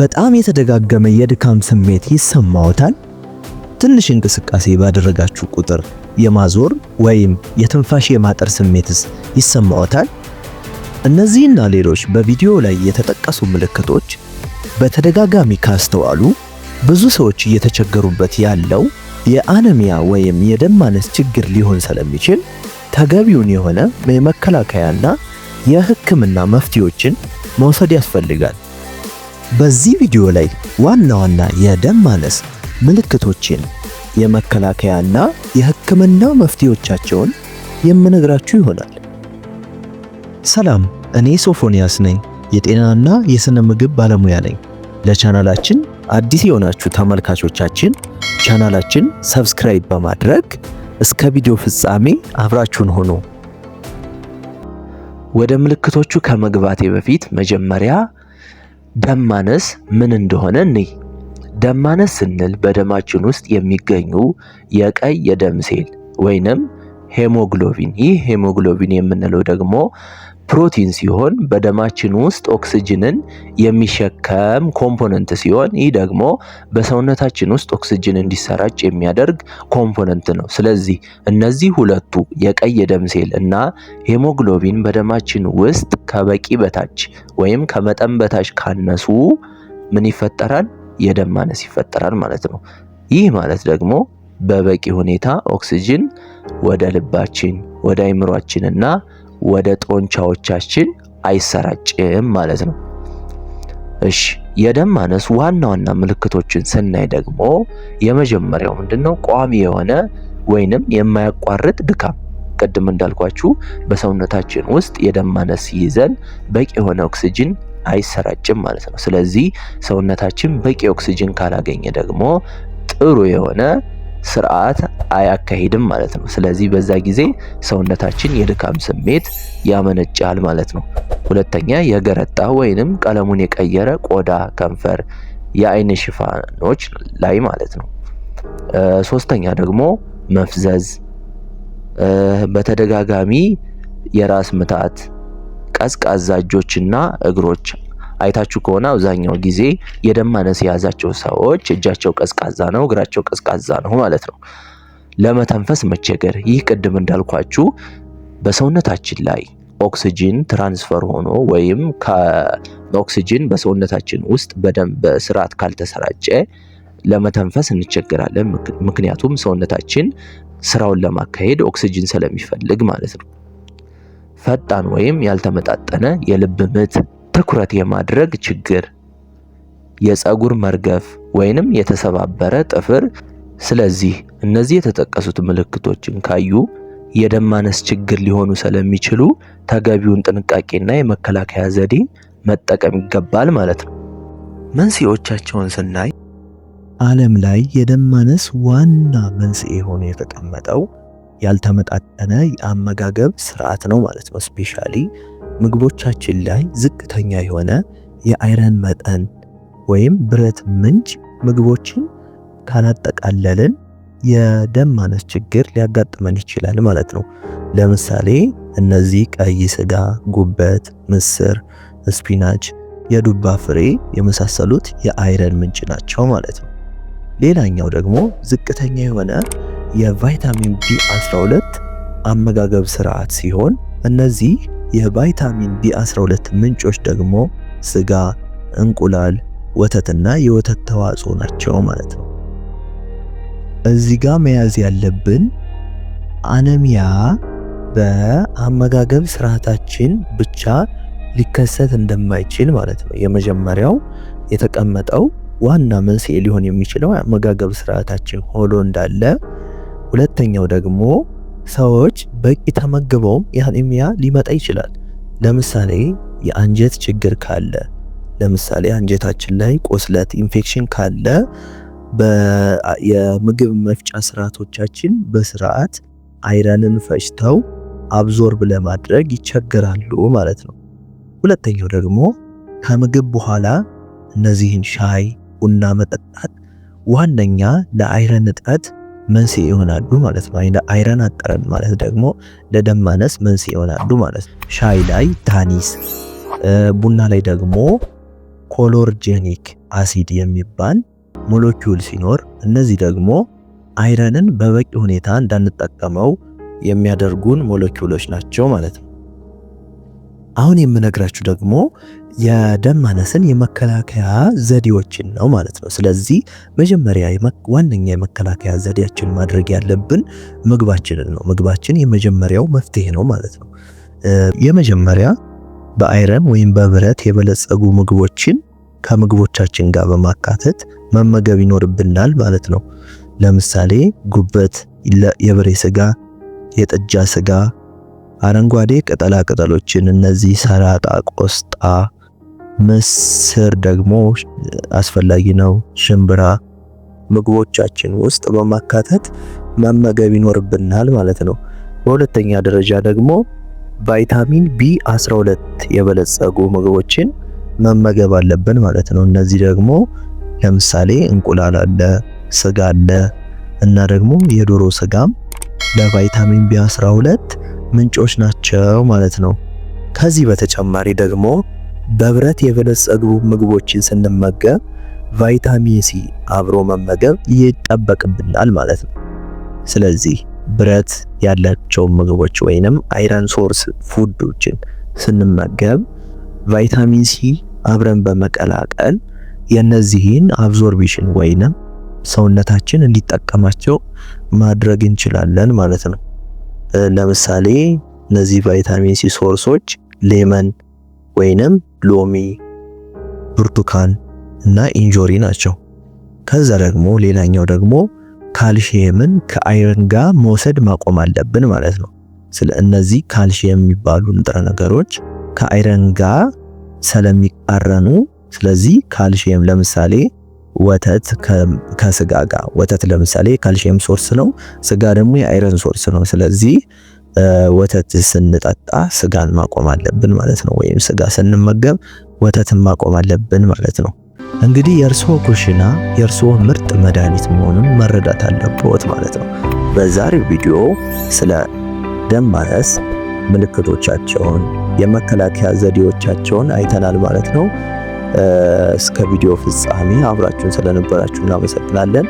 በጣም የተደጋገመ የድካም ስሜት ይሰማዎታል? ትንሽ እንቅስቃሴ ባደረጋችሁ ቁጥር የማዞር ወይም የትንፋሽ የማጠር ስሜትስ ይሰማዎታል? እነዚህና ሌሎች በቪዲዮ ላይ የተጠቀሱ ምልክቶች በተደጋጋሚ ካስተዋሉ ብዙ ሰዎች እየተቸገሩበት ያለው የአነሚያ ወይም የደም ማነስ ችግር ሊሆን ስለሚችል ተገቢውን የሆነ የመከላከያና የሕክምና መፍትሄዎችን መውሰድ ያስፈልጋል። በዚህ ቪዲዮ ላይ ዋና ዋና የደም ማነስ ምልክቶችን፣ የመከላከያና የሕክምና መፍትሄዎቻቸውን የምነግራችሁ ይሆናል። ሰላም፣ እኔ ሶፎንያስ ነኝ። የጤናና የስነ ምግብ ባለሙያ ነኝ። ለቻናላችን አዲስ የሆናችሁ ተመልካቾቻችን ቻናላችን ሰብስክራይብ በማድረግ እስከ ቪዲዮ ፍጻሜ አብራችሁን ሆኖ ወደ ምልክቶቹ ከመግባቴ በፊት መጀመሪያ ደም ማነስ ምን እንደሆነ እንይ። ደም ማነስ ስንል በደማችን ውስጥ የሚገኙ የቀይ የደም ሴል ወይንም ሄሞግሎቢን ይህ ሄሞግሎቢን የምንለው ደግሞ ፕሮቲን ሲሆን በደማችን ውስጥ ኦክስጅንን የሚሸከም ኮምፖነንት ሲሆን ይህ ደግሞ በሰውነታችን ውስጥ ኦክስጅን እንዲሰራጭ የሚያደርግ ኮምፖነንት ነው። ስለዚህ እነዚህ ሁለቱ የቀይ የደም ሴል እና ሄሞግሎቢን በደማችን ውስጥ ከበቂ በታች ወይም ከመጠን በታች ካነሱ ምን ይፈጠራል? የደም ማነስ ይፈጠራል ማለት ነው። ይህ ማለት ደግሞ በበቂ ሁኔታ ኦክስጅን ወደ ልባችን ወደ አይምሯችን እና ወደ ጡንቻዎቻችን አይሰራጭም ማለት ነው። እሺ የደም ማነስ ዋና ዋና ምልክቶችን ስናይ ደግሞ የመጀመሪያው ምንድነው? ቋሚ የሆነ ወይንም የማያቋርጥ ድካም። ቅድም እንዳልኳችሁ በሰውነታችን ውስጥ የደም ማነስ ይዘን በቂ የሆነ ኦክስጅን አይሰራጭም ማለት ነው። ስለዚህ ሰውነታችን በቂ ኦክስጅን ካላገኘ ደግሞ ጥሩ የሆነ ስርዓት አያካሂድም ማለት ነው። ስለዚህ በዛ ጊዜ ሰውነታችን የድካም ስሜት ያመነጫል ማለት ነው። ሁለተኛ የገረጣ ወይንም ቀለሙን የቀየረ ቆዳ፣ ከንፈር፣ የአይን ሽፋኖች ላይ ማለት ነው። ሶስተኛ ደግሞ መፍዘዝ፣ በተደጋጋሚ የራስ ምታት፣ ቀዝቃዛ እጆችና እግሮች፣ አይታችሁ ከሆነ አብዛኛው ጊዜ የደም ማነስ የያዛቸው ሰዎች እጃቸው ቀዝቃዛ ነው፣ እግራቸው ቀዝቃዛ ነው ማለት ነው። ለመተንፈስ መቸገር፣ ይህ ቅድም እንዳልኳችሁ በሰውነታችን ላይ ኦክሲጂን ትራንስፈር ሆኖ ወይም ከኦክሲጂን በሰውነታችን ውስጥ በደንብ በስርዓት ካልተሰራጨ ለመተንፈስ እንቸገራለን። ምክንያቱም ሰውነታችን ስራውን ለማካሄድ ኦክሲጂን ስለሚፈልግ ማለት ነው። ፈጣን ወይም ያልተመጣጠነ የልብ ምት ትኩረት የማድረግ ችግር፣ የፀጉር መርገፍ ወይንም የተሰባበረ ጥፍር። ስለዚህ እነዚህ የተጠቀሱት ምልክቶችን ካዩ የደም ማነስ ችግር ሊሆኑ ስለሚችሉ ተገቢውን ጥንቃቄና የመከላከያ ዘዴ መጠቀም ይገባል ማለት ነው። መንስኤዎቻቸውን ስናይ ዓለም ላይ የደም ማነስ ዋና መንስኤ ሆኖ የተቀመጠው ያልተመጣጠነ የአመጋገብ ስርዓት ነው ማለት ነው ስፔሻሊ ምግቦቻችን ላይ ዝቅተኛ የሆነ የአይረን መጠን ወይም ብረት ምንጭ ምግቦችን ካላጠቃለልን የደም ማነስ ችግር ሊያጋጥመን ይችላል ማለት ነው። ለምሳሌ እነዚህ ቀይ ስጋ፣ ጉበት፣ ምስር፣ ስፒናች፣ የዱባ ፍሬ የመሳሰሉት የአይረን ምንጭ ናቸው ማለት ነው። ሌላኛው ደግሞ ዝቅተኛ የሆነ የቫይታሚን ቢ 12 አመጋገብ ስርዓት ሲሆን እነዚህ የቫይታሚን ቢ12 ምንጮች ደግሞ ስጋ፣ እንቁላል፣ ወተትና የወተት ተዋጽኦ ናቸው ማለት ነው። እዚህ ጋር መያዝ ያለብን አነሚያ በአመጋገብ ስርዓታችን ብቻ ሊከሰት እንደማይችል ማለት ነው። የመጀመሪያው የተቀመጠው ዋና መንስኤ ሊሆን የሚችለው አመጋገብ ስርዓታችን ሆሎ እንዳለ፣ ሁለተኛው ደግሞ ሰዎች በቂ ተመግበውም የአኒሚያ ሊመጣ ይችላል። ለምሳሌ የአንጀት ችግር ካለ ለምሳሌ አንጀታችን ላይ ቁስለት፣ ኢንፌክሽን ካለ የምግብ መፍጫ ስርዓቶቻችን በስርዓት አይረንን ፈጭተው አብዞርብ ለማድረግ ይቸገራሉ ማለት ነው። ሁለተኛው ደግሞ ከምግብ በኋላ እነዚህን ሻይ፣ ቡና መጠጣት ዋነኛ ለአይረን እጥረት መንስኤ ይሆናሉ ማለት ነው። አይረን አጠረን ማለት ደግሞ ለደም ማነስ መንስኤ ይሆናሉ ማለት ነው። ሻይ ላይ ታኒስ፣ ቡና ላይ ደግሞ ኮሎርጄኒክ አሲድ የሚባል ሞለኪውል ሲኖር እነዚህ ደግሞ አይረንን በበቂ ሁኔታ እንዳንጠቀመው የሚያደርጉን ሞለኪውሎች ናቸው ማለት ነው። አሁን የምነግራችሁ ደግሞ የደም ማነስን የመከላከያ ዘዴዎችን ነው ማለት ነው። ስለዚህ መጀመሪያ ዋነኛ የመከላከያ ዘዴያችን ማድረግ ያለብን ምግባችንን ነው። ምግባችን የመጀመሪያው መፍትሄ ነው ማለት ነው። የመጀመሪያ በአይረን ወይም በብረት የበለጸጉ ምግቦችን ከምግቦቻችን ጋር በማካተት መመገብ ይኖርብናል ማለት ነው። ለምሳሌ ጉበት፣ የበሬ ስጋ፣ የጥጃ ስጋ አረንጓዴ ቅጠላ ቅጠሎችን እነዚህ ሰላጣ፣ ቆስጣ፣ ምስር ደግሞ አስፈላጊ ነው። ሽምብራ ምግቦቻችን ውስጥ በማካተት መመገብ ይኖርብናል ማለት ነው። በሁለተኛ ደረጃ ደግሞ ቫይታሚን ቢ12 የበለጸጉ ምግቦችን መመገብ አለብን ማለት ነው። እነዚህ ደግሞ ለምሳሌ እንቁላል አለ፣ ስጋ አለ እና ደግሞ የዶሮ ስጋም ለቫይታሚን ቢ12 ምንጮች ናቸው ማለት ነው። ከዚህ በተጨማሪ ደግሞ በብረት የበለጸጉ ምግቦችን ስንመገብ ቫይታሚን ሲ አብሮ መመገብ ይጠበቅብናል ማለት ነው። ስለዚህ ብረት ያላቸው ምግቦች ወይንም አይረን ሶርስ ፉዶችን ስንመገብ ቫይታሚን ሲ አብረን በመቀላቀል የነዚህን አብዞርቢሽን ወይንም ሰውነታችን እንዲጠቀማቸው ማድረግ እንችላለን ማለት ነው። ለምሳሌ እነዚህ ቫይታሚን ሲ ሶርሶች ሌመን ወይንም ሎሚ፣ ብርቱካን እና ኢንጆሪ ናቸው። ከዛ ደግሞ ሌላኛው ደግሞ ካልሽየምን ከአይረን ጋር መውሰድ ማቆም አለብን ማለት ነው። ስለ እነዚህ ካልሽየም የሚባሉ ንጥረ ነገሮች ከአይረን ጋር ስለሚቃረኑ ስለዚህ ካልሽየም ለምሳሌ ወተት ከስጋ ጋር ወተት ለምሳሌ ካልሽየም ሶርስ ነው፣ ስጋ ደግሞ የአይረን ሶርስ ነው። ስለዚህ ወተት ስንጠጣ ስጋን ማቆም አለብን ማለት ነው። ወይም ስጋ ስንመገብ ወተትን ማቆም አለብን ማለት ነው። እንግዲህ የእርስዎ ኩሽና የእርስዎ ምርጥ መድኃኒት መሆኑን መረዳት አለብዎት ማለት ነው። በዛሬው ቪዲዮ ስለ ደም ማነስ ምልክቶቻቸውን፣ የመከላከያ ዘዴዎቻቸውን አይተናል ማለት ነው። እስከ ቪዲዮ ፍጻሜ አብራችሁን ስለነበራችሁ እናመሰግናለን።